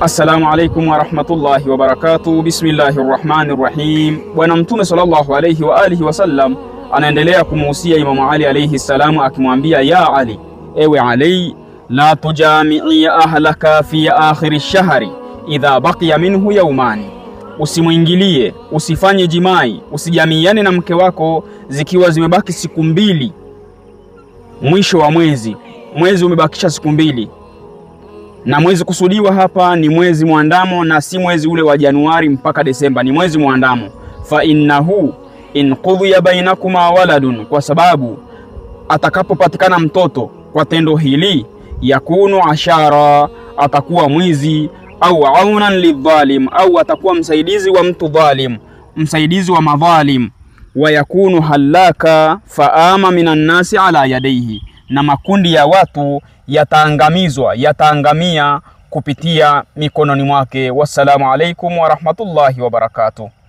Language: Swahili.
Assalamu alaikum warahmatullahi wabarakatuh. Bismillahi rahmani rahim. Bwana Mtume sallallahu alaihi wa alihi wasallam anaendelea kumuhusia Imamu Ali alaihi ssalamu, akimwambia ya Ali, ewe Ali, la tujamiia ahlaka fi akhiri shahri idha baqiya minhu yaumani, usimwingilie usifanye jimai usijamiiane na mke wako zikiwa zimebaki siku mbili mwisho wa mwezi. Mwezi umebakisha siku mbili na mwezi kusudiwa hapa ni mwezi mwandamo na si mwezi ule wa Januari mpaka Desemba, ni mwezi mwandamo. Fa innahu in qudhiya bainakuma waladun, kwa sababu atakapopatikana mtoto kwa tendo hili, yakunu ashara, atakuwa mwizi au aunan lidhalim, au atakuwa msaidizi wa mtu dhalim, msaidizi wa madhalim. Wa yakunu halaka faama minan nasi ala yadaihi na makundi ya watu yataangamizwa, yataangamia kupitia mikononi mwake. Wassalamu alaikum warahmatullahi wabarakatuh.